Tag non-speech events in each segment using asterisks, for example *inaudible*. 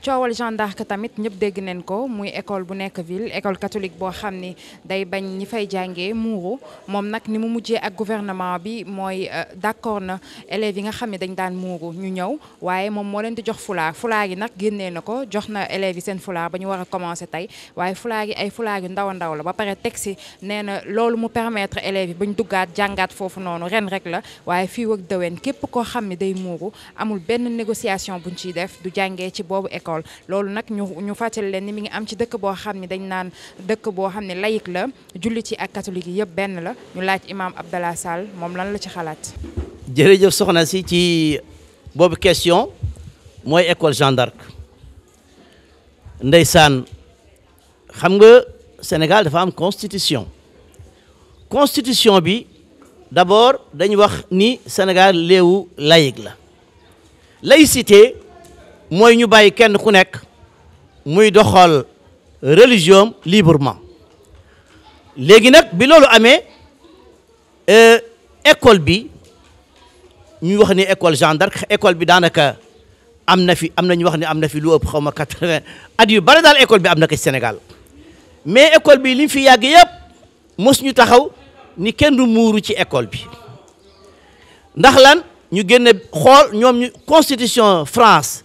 coowal Jeanne que tamit ñep dégg neen ko muy école bu nekk ville école catholique bo xamni ni day bañ ñi fay jangé muuru mom nak ni mu mujjé ak gouvernement bi moy euh, d'accord na élèves yi nga xamni dañ daan muuru ñu ñew waaye mom mo leen di jox foulard fulaar yi nag génnee jox na élèves yi seen foulard bañu wara commencer tay waaye fulaar yi ay fulaar yu ndaw ndaw la ba paré taxi si loolu mu permettre élèves yi bañ duggaat jàngaat fofu nonu ren rek la waaye fi ak dewen képp ko xamni day muuru amul ben négociation buñ ci def du jangé ci bobu école école loolu nag ñu ñu fàttali leen ni mi ngi am ci dëkk bo xamni dañ naan dëkk bo xamni ne la jullit ci ak catholique yi yëpp benn la ñu laaj Imam Abdallah Sall mom lan la ci xalaat. jërëjëf soxna si ci bobu question moy école Jean d'Arc ndeysaan xam nga Sénégal dafa am constitution constitution bi d'abord dañ wax ni Sénégal léwu laïc la laïcité. moy ñu bàyyi kenn ku nekk muy doxal religion librement légui nak bi lolu amé euh école bi ñu wax ni école gendarme école bi danaka amna fi amna ñu wax ni amna fi lu ëpp xawma 80 quatre at yu bari dal école bi amna ci Sénégal mais école bi li fi yag yëpp mos ñu taxaw ni kenn du muuru ci école bi ndax lan ñu génne xool ñoom ñu constitution France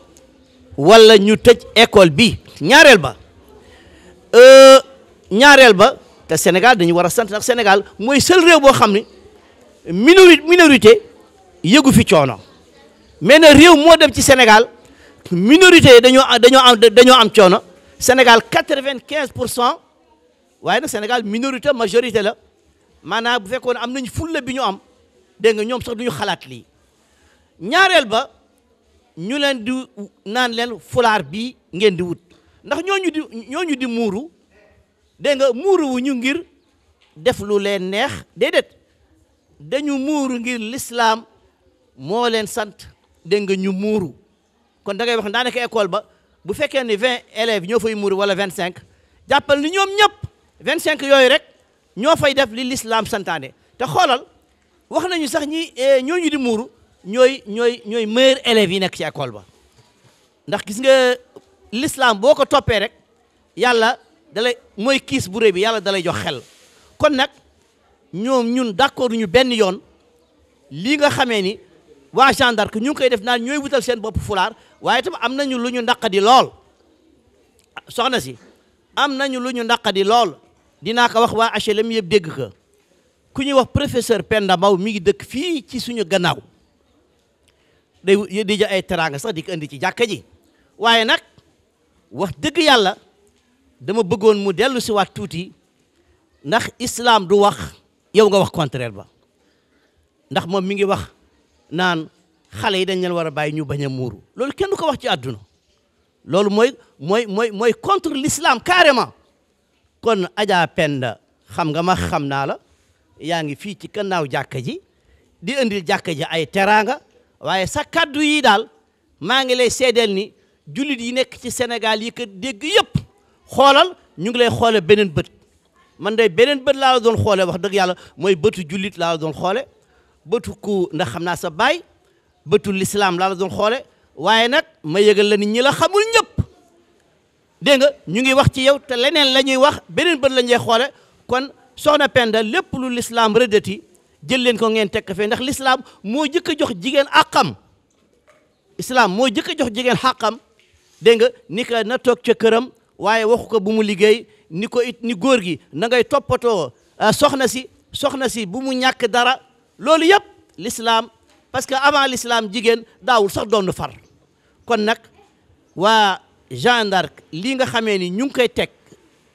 wala ñu tëj école bi ñaareel ba euh, ñaareel ba te Sénégal dañu war a sant nag Sénégal mooy seul réew boo xam ne minori minorité yëgu fi coono mais na réew moo dem ci Sénégal minorité yi dañoo dañoo am dañoo am coono Sénégal quatre-vingt-quinze pour cent waaye nag Sénégal minorité majorité la maanaam bu fekkoon am nañ fulla bi ñu am dégg nga ñoom sox du ñu xalaat lii ñaareel ba. ñu leen di naan leen fulaar bii ngeen di wut ndax ñooñu di di muuru dégg nga muuru wu ñu ngir def lu leen neex déedéet dañu muuru ngir lislaam moo leen sant dégg nga ñu muuru kon da ngay wax daanaka école ba bu fekkee ni vingt élèves ñoo fay muuru wala vingt cinq jàppal ni ñoom ñëpp vingt cinq yooyu rek ñoo fay def li lislaam santaane te xoolal wax nañu sax ñi eh, ñooñu di muuru ñooy ñooy ñooy meilleur élèves yi nekk ci école ba ndax gis nga lislaam boo ko toppee rek yàlla dalay mooy kiis bu rëy bi yàlla dalay jox xel kon nag ñoom ñun d'accord ñu benn yoon lii nga xamee ni waa gendarme ñu ngi koy def naan ñooy wutal seen bopp fulaar waaye tam am nañu lu ñu di lool soxna si am nañu lu ñu di lool dinaa ko wax waa HLM yëpp dégg ka ku ñuy wax professeur Penda Mbow mi ngi dëkk fii ci suñu gannaaw day di ay teranga sax di ko andi ci jakka ji waye nak wax deug yalla dama beggon mu delu ci wat touti ndax islam du wax yow nga wax contraire ba ndax mom mi ngi wax nan xalé yi dañ leen wara bay ñu baña muru lolou kenn du ko wax ci aduna lolou moy moy moy moy contre l'islam carrément kon aja penda xam nga ma xam la yaangi fi ci kannaaw jakka ji di andil jakka ji ay teranga waaye sa kaddu yi daal maa ngi lay seedeel ni jullit yi nekk ci Sénégal yi ko dégg yëpp xoolal ñu ngi lay xoole beneen bët man de beneen bët laa la doon xoole wax dëgg yàlla mooy bëtu jullit laa la doon xoole bëtu ku ndax xam naa sa baay bëtu lislaam laa la doon xoole waaye nag ma yëgal la nit ñi la xamul ñëpp dégg nga ñu ngi wax ci yow te leneen la ñuy wax beneen bët la ñuy xoole kon soxna Penda lépp lu lislaam rëddati jël leen ko ngeen tek fe ndax l'islam mo jëk jox jigen akam islam mo jëk jox jigen hakam de nga ni ka na tok ci kërëm waye waxu ko bu mu liggey ni ko it ni góor gi na ngay topato euh, soxna si soxna si bu mu ñak dara lolu yeb l'islam parce que avant l'islam jigen dawul sax doon far kon wa wa Jeanne d'Arc lii nga xamé ni ñu ngi koy tek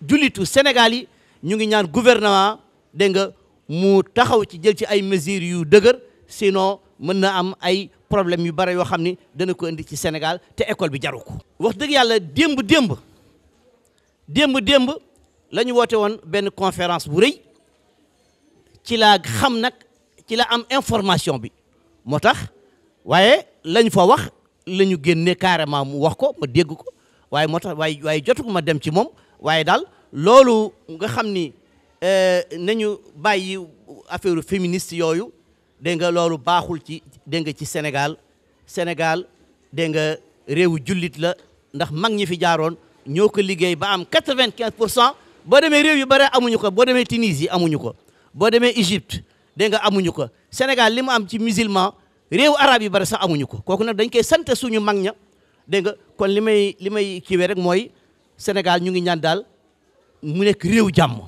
julitu Sénégal yi ñu ngi ñaan gouvernement de nga mu taxaw ci jël ci ay mesures yu dëgër sinon mën na am ay problème yu bare yoo xam ni dana ko indi ci Sénégal te école bi jaru ko. wax dëgg yàlla démb démb démb démb la ñu woote woon benn conférence bu rëy ci laa xam nag ci la am information bi moo tax waaye lañ fa wax lañu génne carrément mu wax ko ma dégg ko waaye moo tax waaye waaye jotu ma dem ci moom waaye daal loolu nga xam ni. Euh, nañu bàyyi affaire féministe yooyu dégg nga loolu baaxul ci dégg nga ci Sénégal Sénégal dégg nga réewu jullit la ndax mag ñi fi jaaroon ñoo ko liggéey ba am quatre-vingt-quinze pour cent boo demee réew yu bare amuñu ko boo demee Tunisie amuñu ko boo demee Égypte dégg nga amuñu ko Sénégal li mu am ci musulman réew arab yu bare sax amuñu ko kooku nag dañ koy sant suñu mag ña dégg nga kon li may li may kiiwee rek mooy Sénégal ñu ngi ñaan daal mu nekk réew jàmm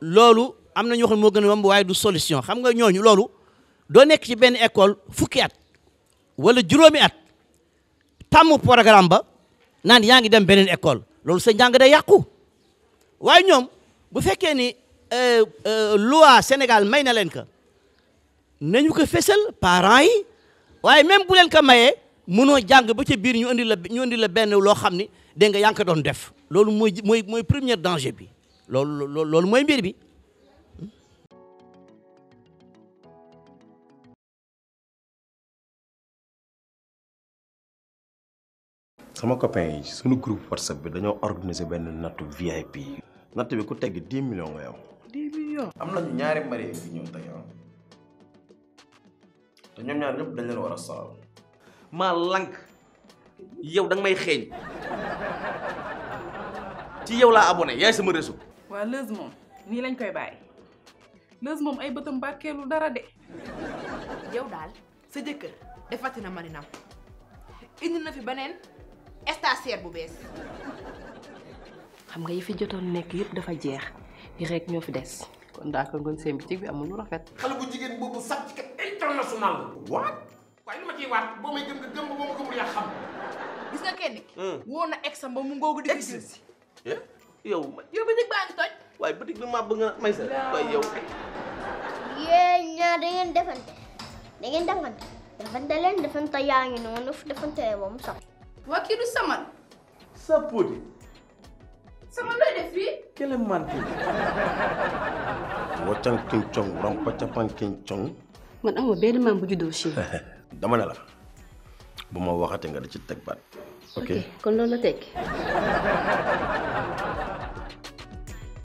loolu am na ñoo xam ne moo gën a waaye du solution xam nga ñooñu loolu doo nekk ci benn école fukki at wala juróomi at tàmm programme ba naan yaa ngi dem beneen école loolu sa njàng day yàqu waaye ñoom bu fekkee ni euh, euh, loi Sénégal may na leen ko nañu ko fésal parents yi waaye même bu leen ko mayee mënoo jàng ba ca biir ñu indi la ñu indi la benn loo xam ni dégg nga yaa ngi ko doon def loolu mooy mooy mooy premier danger bi loolu loolu mooy mbir bi sama copain yi sunu groupe whatsapp bi dañoo organiser benn nattu VIP natt bi ku tegg dix millions nga yow dix millions am nañu ñaari marié bi ñëw tey ah. te ñaar ñëpp dañ maa lank yow da nga may xeeñ ci yow laa abonné yaay sama réseau waa lëz moom nii lañ koy bàyyi lëz mom ay beutum barkelu dara de yow dal sa jëkkër defati na marinam indi na fi benen stagiaire bu bes xam nga yifi jotone nek nekk dafa jeex yi rek ñoo fi des kon daa ko ngoon seen bitig bi amul lu rafet xale bu jigéen boobu sàcc ci international what way lu ma ci wat bo may gëm nga gëm bo ma gëmul ya xam gis nga kenn ki hmm. wona na exam ba mu gogu di gis yow yo yow bitig baa ngi toj waaye bitig bi yo. bëgg may sa waaye yow yéen dalan da ngeen defante da ngeen defante defante leen defante yaa ngi noonu saman sa podi sama looy def fii kele manti wacan kin cong rampa capan kin cong man amu benn maam bu juddoo si *laughs* dama ne la bu ma waxate nga da ci teg baat ok kon loolu la